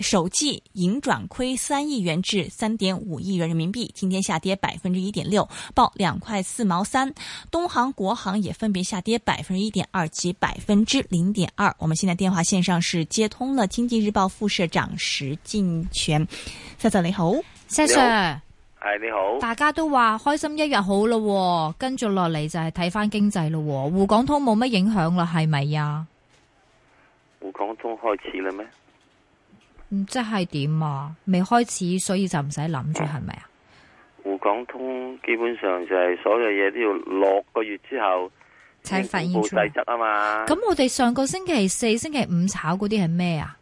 首季盈轉虧三億元至三點五億元人民幣，今天下跌百分之一點六，報兩塊四毛三。東航、國航也分別下跌百分之一點二及百分之零點二。我們現在電話線上是接通了經濟日報副社長石鏡泉 Sir 你好，Sir，係你好。大家都話開心一日好咯喎，跟住落嚟就係睇返經濟咯喎。滬港通冇乜影響啦，係咪呀？滬港通開始啦咩？嗯、即係點啊？未開始，所以就唔使諗住，係咪啊？滬港通基本上就係所有嘢，都要六個月之後先發佈細則啊嘛。咁我哋上個星期四、星期五炒嗰啲係咩啊？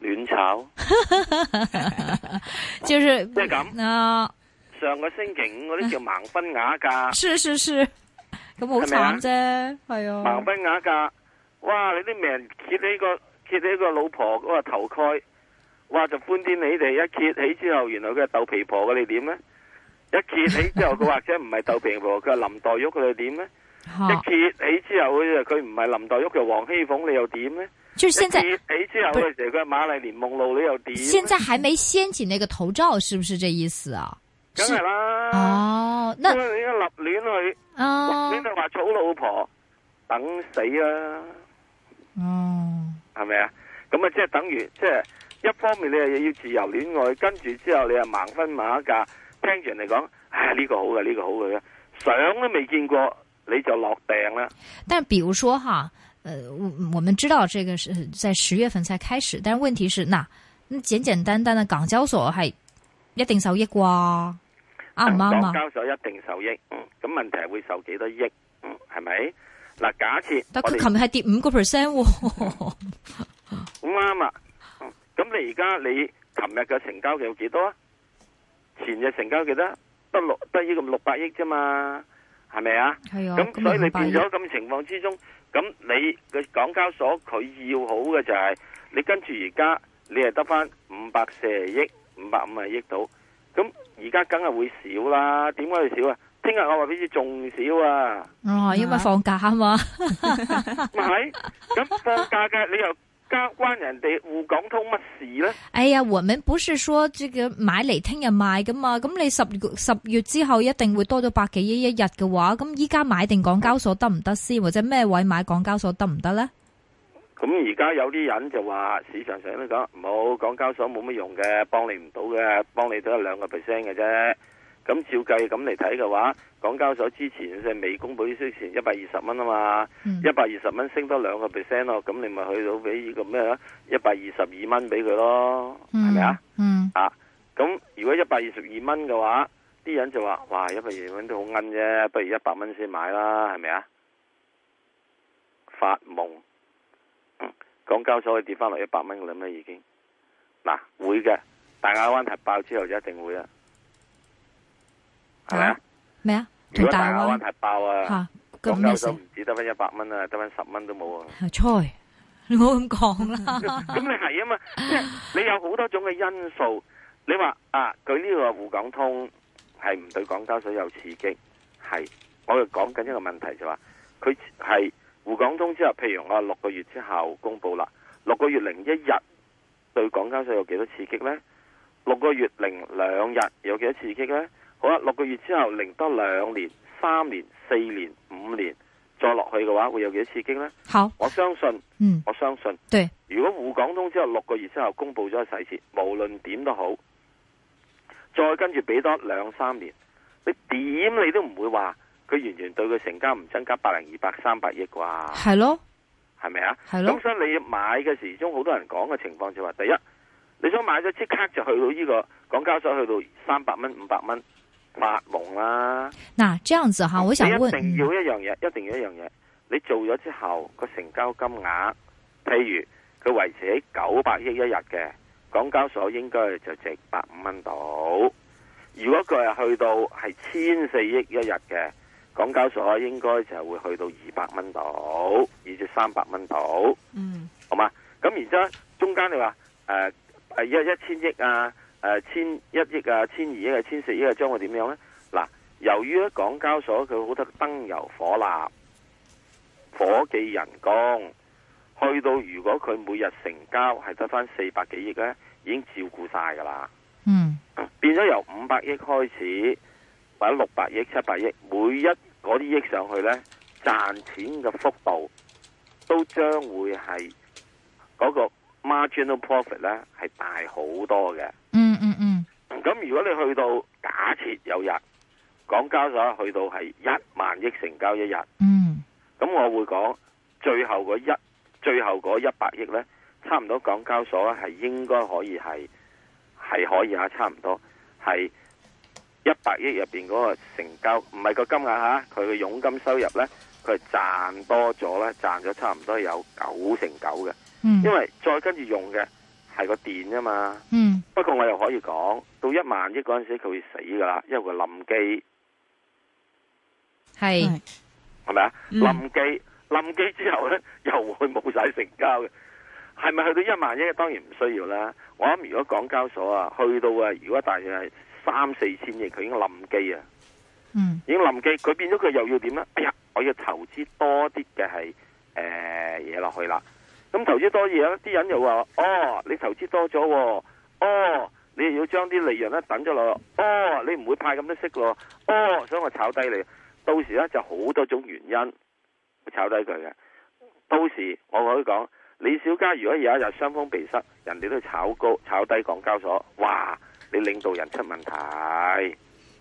亂炒， 就是啊、即係咁啊！上個星期五嗰啲叫盲婚啞嫁，是是是，咁好慘啫，係啊,啊！盲婚啞嫁，哇！你啲命揭起個揭起個老婆嗰個頭蓋。哇！就歡天喜地一揭起之後，原來佢係豆皮婆嘅，你點咧？一揭起之後，佢或者唔係豆皮婆，佢 係林黛玉，佢又點咧？一揭起之後，佢佢唔係林黛玉，佢係王熙鳳，你又點咧？就是、現在，揭起之後，佢成個瑪麗蓮夢露，你又點？現在還沒掀起那個頭罩，是不是這意思啊？梗係啦。哦，那因為立亂去，哦，你哋話娶老婆等死啊！哦，係咪啊？咁啊，即係等於即係。一方面你又要自由戀愛，跟住之後你又盲婚盲嫁，聽住人哋講，哎呢、這個好嘅，呢、這個好嘅，相都未見過你就落訂啦。但係，比如說哈，誒、呃，我們知道這個是在十月份才開始，但係問題是，嗱，咁簡簡單單嘅港交所係一定受益啩？啱唔啱啊？港交所一定受益，咁問題係會受幾多億？嗯，係、嗯、咪？嗱、嗯嗯嗯嗯嗯嗯嗯嗯嗯，假設，但佢琴日係跌五個 percent，好啱啦。哦 嗯 咁你而家你琴日嘅成交有幾多？前日成交幾多？得六得呢個六百億啫嘛，係咪啊？係啊，咁、嗯、所以你變咗咁情況之中，咁你嘅港交所佢要好嘅就係、是、你跟住而家你係得翻五百四十億、五百五十億到，咁而家梗係會少啦。點解會少啊？聽日我話俾你仲少啊！哦，因為放假嘛。唔 係，咁放假嘅你又？關關人哋滬港通乜事咧？哎呀，我明，不是說即個買嚟聽日賣噶嘛？咁你十十月之後一定會多咗百幾億一日嘅話，咁依家買定港交所得唔得先？或者咩位買港交所得唔得咧？咁而家有啲人就話市場上都講，唔好，港交所冇乜用嘅，幫你唔到嘅，幫你得一兩個 percent 嘅啫。咁照計咁嚟睇嘅話，港交所之前即係未公布之前一百二十蚊啊嘛，一百二十蚊升多兩個 percent 咯，咁你咪去到俾個咩啊？一百二十二蚊俾佢咯，係咪啊？嗯，啊，咁如果一百二十二蚊嘅話，啲人就話：，哇，一百二十二蚊都好奀啫，不如一百蚊先買啦，係咪啊？發夢、嗯，港交所可以跌翻落一百蚊嗰度咩已經？嗱、啊，會嘅，大亞灣核爆之後就一定會啦。係啊，咩啊？如果大亞灣係爆啊，港交所就唔止得翻一百蚊啊，得翻十蚊都冇啊！唉，錯， 你冇咁講啦。咁你係啊嘛，你有好多種嘅因素。你話啊，佢呢、呢個滬港通係唔對港交所有刺激？係，我哋講緊一個問題就話，佢係滬港通之後，譬如我六個月之後公佈啦，六個月零一日對港交所有幾多刺激咧？六個月零兩日有幾多刺激咧？好啦、啊，六個月之後，零多兩年、三年、四年、五年再落去嘅話，會有幾多刺激呢？好，我相信，嗯，我相信。對，如果滬港通之後六個月之後公布咗細節，無論點都好，再跟住俾多兩三年，你點你都唔會話佢完全對佢成交唔增加百零二百三百億啩？係咯，係咪啊？係咯。咁所以你買嘅時中，好多人講嘅情況就話、是，第一，你想買咗即刻就去到呢、這個港交所去到三百蚊、五百蚊。發夢啦！那這樣子哈，我想問，一定要一樣嘢，一定要一樣嘢。你做咗之後個成交金額，譬如佢維持喺九百億一日嘅，港交所應該就值百五蚊度。如果佢係去到係千四億一日嘅，港交所應該就會去到二百蚊度，以至三百蚊度。嗯，好嘛？咁然之後中間你話誒約一千億啊？誒，千一億啊，千二億啊，千四億啊，將會點樣呢？嗱，由於咧港交所佢好多燈油火蠟，伙計人工，去到如果佢每日成交係得翻四百幾億呢，已經照顧晒噶啦。嗯。變咗由五百億開始，或者六百億、七百億，每一嗰啲億上去呢，賺錢嘅幅度都將會係嗰個 marginal profit 呢係大好多嘅。嗯。咁如果你去到假設有日，港交所去到係一萬億成交一日，咁、嗯、我會講最後嗰一最後一百億呢，差唔多港交所係應該可以係係可以啊，差唔多係一百億入面嗰個成交，唔係個金額下，佢嘅佣金收入呢，佢係賺多咗咧，賺咗差唔多有九成九嘅、嗯，因為再跟住用嘅。係個電啫嘛、嗯，不過我又可以講到一萬億嗰陣時佢會死噶啦，因為佢冧機係係咪啊？冧機冧機之後咧又會冇晒成交嘅，係咪去到一萬億？當然唔需要啦。我諗如果港交所啊去到啊如果大約係三四千億，佢已經冧機啊，嗯，已經冧機，佢變咗佢又要點咧？哎呀，我要投資多啲嘅係誒嘢落去啦。咁投資多嘢啲人又話哦，你投資多咗，哦，你又要將啲利潤咧等咗落，哦，你唔會派咁多息咯，哦，所以我炒低你，到時咧就好多種原因會炒低佢嘅。到時我可以講，李小加如果有一日雙方鼻塞，人哋都炒高炒低港交所，哇！你領導人出問題。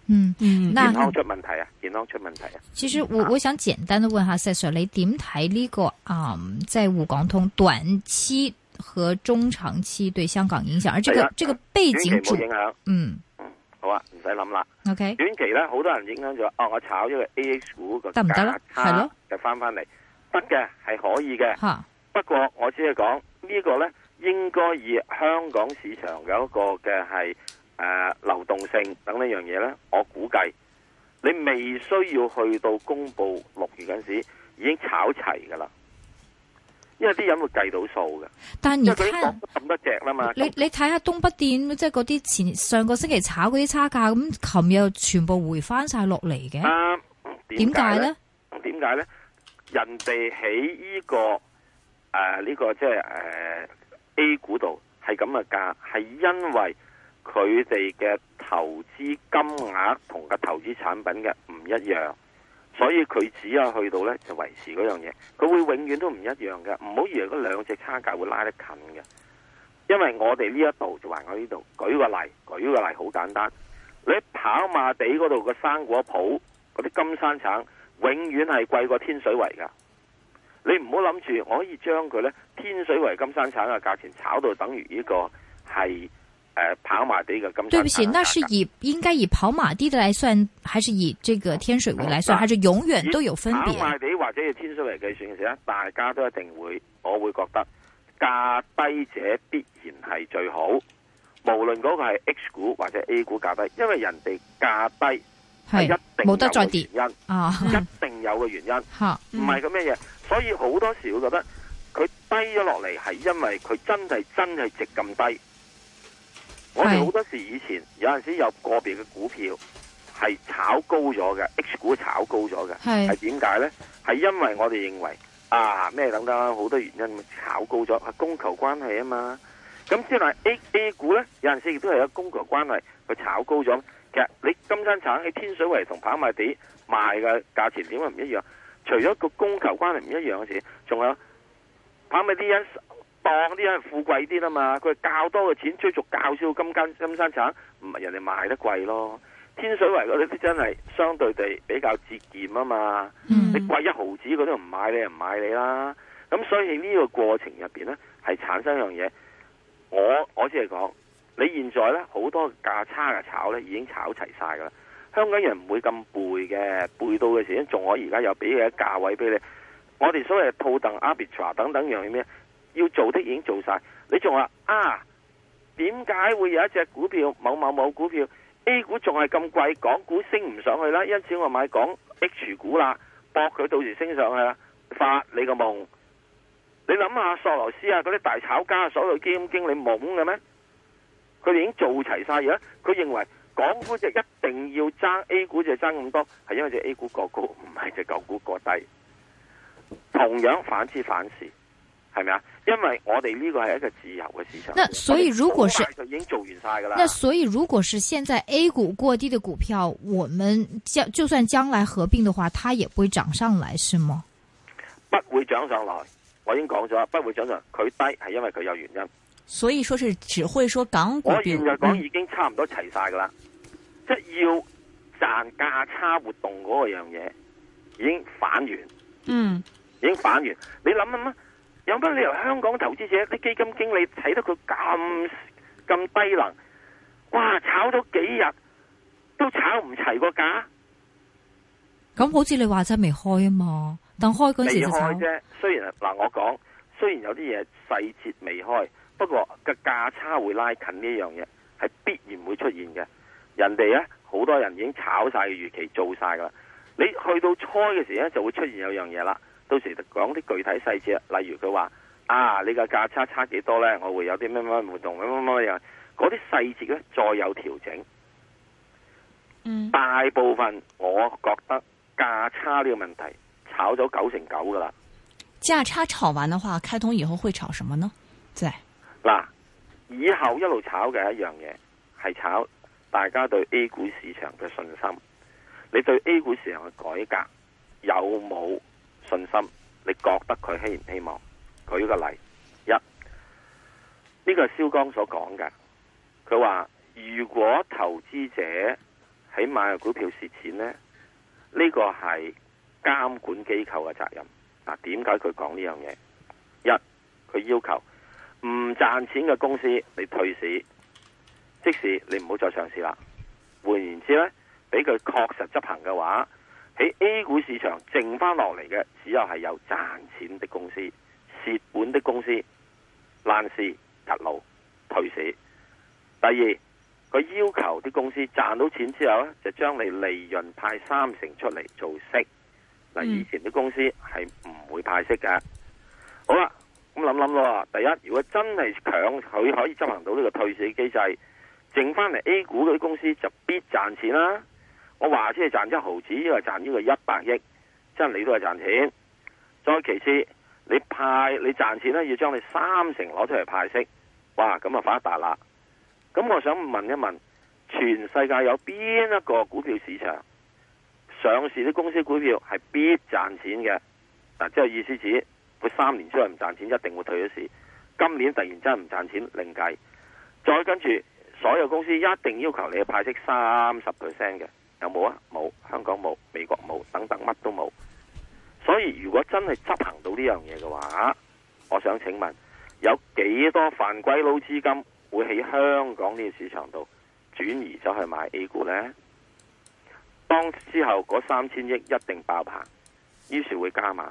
嗯嗯，健康出問題啊，健康出問題啊。其實我我想簡單地問下石 Sir，你點睇呢個嗯，即係滬港通短期和中長期對香港影響？而這個、啊、這個背景主影響，嗯嗯，好啊，唔使諗啦。OK，短期咧好多人影響咗，哦，我炒咗個 A H 股個價，係咯，就翻翻嚟，得嘅係可以嘅，吓。不過我只係講呢個咧，應該以香港市場有一個嘅係。誒、啊，流動性等樣東西呢樣嘢咧，我估計你未需要去到公布六月嗰時，已經炒齊噶啦，因為啲人會計到數嘅。但係而家咁多隻啦嘛，你你睇下東北電，即係嗰啲前上個星期炒嗰啲差價，咁琴日全部回翻晒落嚟嘅。點解咧？點解咧？人哋喺呢個誒呢、啊這個即係誒 A 股度係咁嘅價，係因為。佢哋嘅投資金額同個投資產品嘅唔一樣，所以佢只有去到呢就維持嗰樣嘢，佢會永遠都唔一樣嘅。唔好以為嗰兩隻差價會拉得近嘅，因為我哋呢一度就話我呢度。舉個例，舉個例好簡單，你跑馬地嗰度嘅生果鋪嗰啲金山橙，永遠係貴過天水圍噶。你唔好諗住我可以將佢呢天水圍金山橙嘅價錢炒到等於呢個係。誒，跑馬地嘅金對不起，那是以應該以跑馬地的來算，還是以這個天水圍來算、嗯，還是永遠都有分別？跑馬地或者以天水圍計算嘅時候，大家都一定會，我會覺得價低者必然係最好，無論嗰個係 H 股或者 A 股價低，因為人哋價低係一定冇得再跌、啊，一定有嘅原因，唔、嗯、係個咩嘢，所以好多時會覺得佢低咗落嚟係因為佢真係真係值咁低。我哋好多時以前有陣時有個別嘅股票係炒高咗嘅，H 股炒高咗嘅，係點解呢？係因為我哋認為啊咩等等好多原因炒高咗，係供求關係啊嘛。咁雖然 A A 股呢，有陣時亦都係有供求關係佢炒高咗，其實你金山橙喺天水圍同跑馬地賣嘅價錢點解唔一樣？除咗個供求關係唔一樣嘅事，仲有跑馬地人。當啲人富貴啲啦嘛，佢較多嘅錢追逐較少金，金，金山橙唔係人哋賣得貴咯。天水圍嗰啲真係相對地比較節儉啊嘛，嗯、你貴一毫子，佢都唔買你，唔買你啦。咁所以呢個過程入邊呢，係產生一樣嘢。我我只係講，你現在呢好多價差嘅炒呢已經炒齊晒噶啦。香港人唔會咁背嘅，背到嘅時，仲可而家又俾佢價位俾你。我哋所謂套戥、arbitrage 等等樣嘢咩？要做的已經做晒，你仲話啊？點解會有一隻股票某某某股票 A 股仲係咁貴，港股升唔上去啦？因此我買港 H 股啦，搏佢到時升上去啦，發你個夢！你諗下索羅斯啊，嗰啲大炒家，所有基金經理懵嘅咩？佢哋已經做齊晒嘢，佢認為港股就一定要爭，A 股就爭咁多，係因為隻 A 股過高，唔係隻舊股過低。同樣反之反是。係咪啊？因為我哋呢個係一個自由嘅市場。嗱，所以如果是已經做完晒噶啦。嗱，所以如果是現在 A 股過低的股票，我們將就算將來合併的話，它也不會漲上來，是嗎？不會漲上來，我已經講咗，不會漲上。佢低係因為佢有原因。所以說是只會說港股。我現在講已經差唔多齊晒噶啦，即係要賺價差活動嗰個樣嘢已經反完，嗯，已經反完。你諗諗啊？有乜理由香港投資者啲基金經理睇得佢咁咁低能？哇！炒咗幾日都炒唔齊個價，咁好似你話齋未開啊嘛？但開嗰陣時就開啫。雖然嗱、啊，我講雖然有啲嘢細節未開，不過個價差會拉近呢樣嘢係必然會出現嘅。人哋咧，好多人已經炒晒嘅預期做晒噶啦，你去到初嘅時咧，就會出現有樣嘢啦。到時就講啲具體細節，例如佢話啊，你個價差差幾多呢？我會有啲乜乜活動乜乜乜樣嗰啲細節咧，再有調整。嗯，大部分我覺得價差呢個問題炒咗九成九噶啦。價差炒完嘅話，開通以後會炒什麼呢？即係嗱，以後一路炒嘅一樣嘢係炒大家對 A 股市場嘅信心。你對 A 股市場嘅改革有冇？信心，你覺得佢希唔希望？舉個例，一呢個肖鋼所講嘅，佢話如果投資者喺買入股票蝕錢咧，呢個係監管機構嘅責任。嗱，點解佢講呢樣嘢？一佢要求唔賺錢嘅公司，你退市，即使你唔好再上市啦。換言之咧，俾佢確實執行嘅話。喺 A 股市場剩翻落嚟嘅，只有係有賺錢的公司、蝕本的公司、爛市、特爐、退市。第二，佢要求啲公司賺到錢之後呢就將你利潤派三成出嚟做息。嗱、嗯，以前啲公司係唔會派息嘅。好啦，咁諗諗咯。第一，如果真係強佢可以執行到呢個退市機制，剩翻嚟 A 股嘅啲公司就必賺錢啦。我話先係賺一毫子，因為賺呢個一百億，真你都係賺錢。再其次，你派你賺錢咧，要將你三成攞出嚟派息，哇！咁啊發達啦。咁我想問一問，全世界有邊一個股票市場上市啲公司股票係必賺錢嘅？嗱，即係意思指，佢三年之內唔賺錢一定會退咗市。今年突然真係唔賺錢，另計。再跟住，所有公司一定要求你派息三十 percent 嘅。有冇啊？冇，香港冇，美國冇，等等乜都冇。所以如果真係執行到呢樣嘢嘅話，我想請問有幾多犯鬼佬資金會喺香港呢個市場度轉移咗去買 A 股呢？當之後嗰三千億一定爆棚，於是會加碼。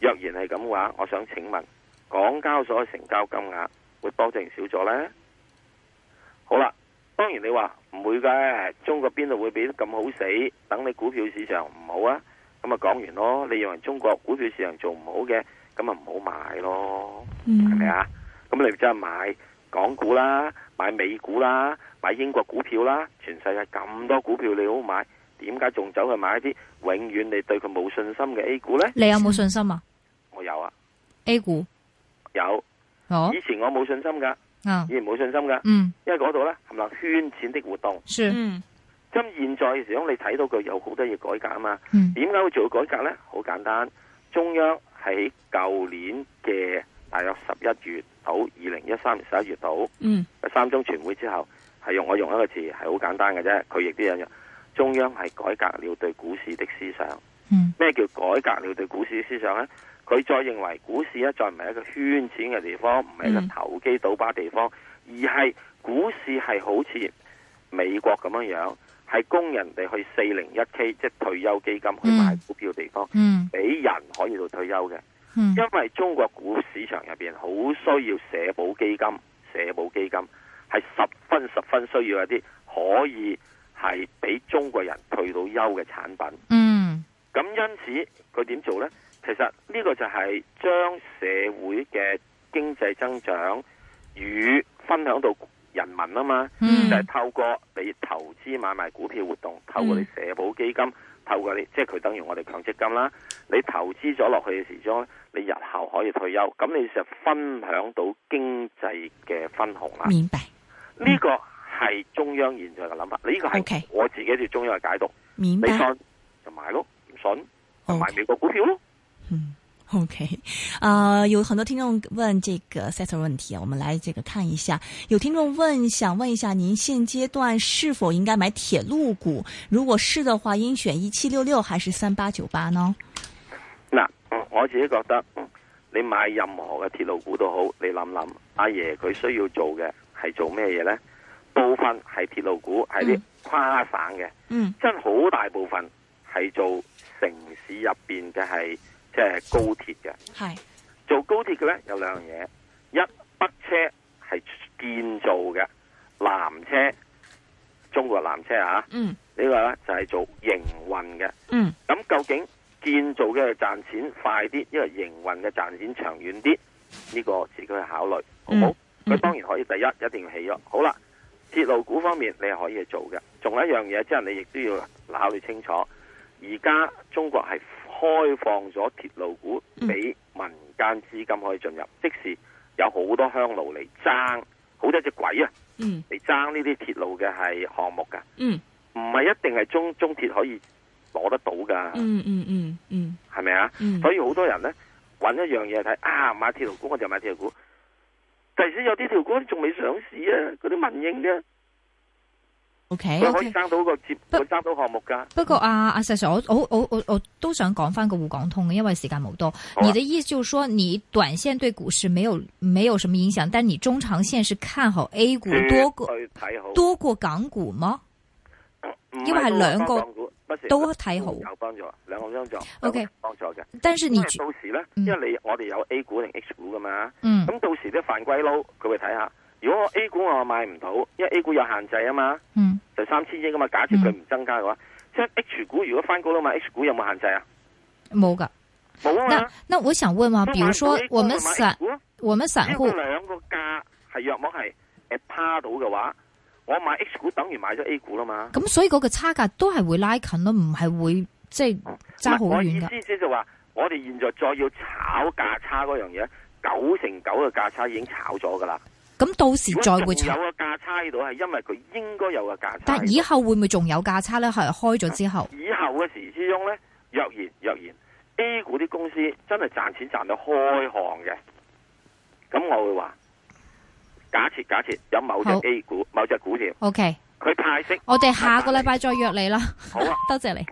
若然係咁嘅話，我想請問港交所嘅成交金額會多定少咗呢？好啦。當然你話唔會嘅，中國邊度會俾得咁好死？等你股票市場唔好啊，咁啊講完咯。你認為中國股票市場做唔好嘅，咁啊唔好買咯，係咪啊？咁你即係買港股啦，買美股啦，買英國股票啦，全世界咁多股票你好買，點解仲走去買一啲永遠你對佢冇信心嘅 A 股呢？你有冇信心啊？我有啊。A 股有，oh? 以前我冇信心噶。啊，然唔好信心噶、嗯，因為嗰度咧，係咪圈錢的活動？嗯，咁現在的時候，你睇到佢有好多嘢改革啊嘛？點解會做到改革咧？好簡單，中央喺舊年嘅大約十一月到二零一三年十一月到、嗯，三中全會之後，係用我用一個字，係好簡單嘅啫。佢亦都有中央係改革了對股市的思想。咩、嗯、叫改革了對股市的思想咧？佢再認為股市咧，再唔係一個圈錢嘅地方，唔係一個投機倒把地方，嗯、而係股市係好似美國咁樣樣，係供人哋去四零一 k 即係退休基金去買股票嘅地方，俾、嗯嗯、人可以到退休嘅、嗯。因為中國股市場入邊好需要社保基金，社保基金係十分十分需要一啲可以係俾中國人退到休嘅產品。嗯，咁因此佢點做呢？其實呢個就係將社會嘅經濟增長與分享到人民啊嘛，就係透過你投資買賣股票活動，透過你社保基金，嗯、透過你即係佢等於我哋強積金啦。你投資咗落去嘅時候，你日後可以退休，咁你就分享到經濟嘅分紅啦。呢、這個係中央現在嘅諗法，呢、這個係我自己對中央嘅解讀。你信，就買咯，唔信就買美國股票咯。嗯，OK，啊、呃，有很多聽眾問這個 set 問題，我們來這個看一下。有聽眾問，想問一下，您現階段是否應該買鐵路股？如果是的話，應選一七六六還是三八九八呢？嗱、呃，我自己覺得，嗯、你買任何嘅鐵路股都好，你諗諗，阿爺佢需要做嘅係做咩嘢呢？部分係鐵路股係啲跨省嘅，嗯，真好大部分係做城市入邊嘅係。即、就、係、是、高鐵嘅，係做高鐵嘅呢有兩樣嘢，一北車係建造嘅，南車中國南車啊，嗯，呢、這個呢，就係做營運嘅，嗯，咁究竟建造嘅係賺錢快啲，因為營運嘅賺錢長遠啲，呢、這個自己去考慮，好唔好？佢、嗯嗯、當然可以，第一一定要起咗，好啦，鐵路股方面你可以去做嘅，仲有一樣嘢即係你亦都要考慮清楚，而家中國係。開放咗鐵路股俾民間資金可以進入，嗯、即時有好多香爐嚟爭，好多隻鬼啊嚟爭呢啲鐵路嘅係項目噶，唔、嗯、係一定係中中鐵可以攞得到噶，嗯嗯嗯嗯，係咪啊？所以好多人咧揾一樣嘢睇啊，買鐵路股我就買鐵路股，但係先有啲條股仲未上市啊，嗰啲民營嘅。O、okay, K，、okay. 可以爭到個接，可爭到項目噶。不過阿阿石 sir，我我我我我都想講翻個滬港通嘅，因為時間冇多。好啊、你你意思就說，你短線對股市沒有沒有什麼影響，但你中長線是看好 A 股多過多過港股嗎？嗯、因為係兩個都睇好有幫助，兩個幫助。O K，幫助嘅。但是你到時咧，因為你、嗯、我哋有 A 股定 H 股噶嘛？咁、嗯、到時啲犯規撈，佢會睇下。如果 A 股我買唔到，因為 A 股有限制啊嘛，嗯、就三千億噶嘛。假設佢唔增加嘅話，嗯、即係 H 股如果翻高都買，H 股有冇限制啊？冇噶，冇啊。那那我想問啊，比如說股我們散我們散戶兩個價係若果係誒趴到嘅話，我買 H 股等於買咗 A 股啦嘛？咁、嗯、所以嗰個差價都係會拉近咯，唔係會即係差好遠噶。就是遠的嗯、的意思就話，我哋現在再要炒價差嗰樣嘢，九成九嘅價差已經炒咗噶啦。咁到時再會查，有個價差度係因為佢應該有個價差。但以後會唔會仲有價差咧？係開咗之後。以後嘅時之中咧，若然若然 A 股啲公司真係賺錢賺到開行嘅，咁我會話，假設假設有某隻 A 股，某隻股票，O K，佢派息。我哋下個禮拜再約你啦。好啊，多 謝，謝你。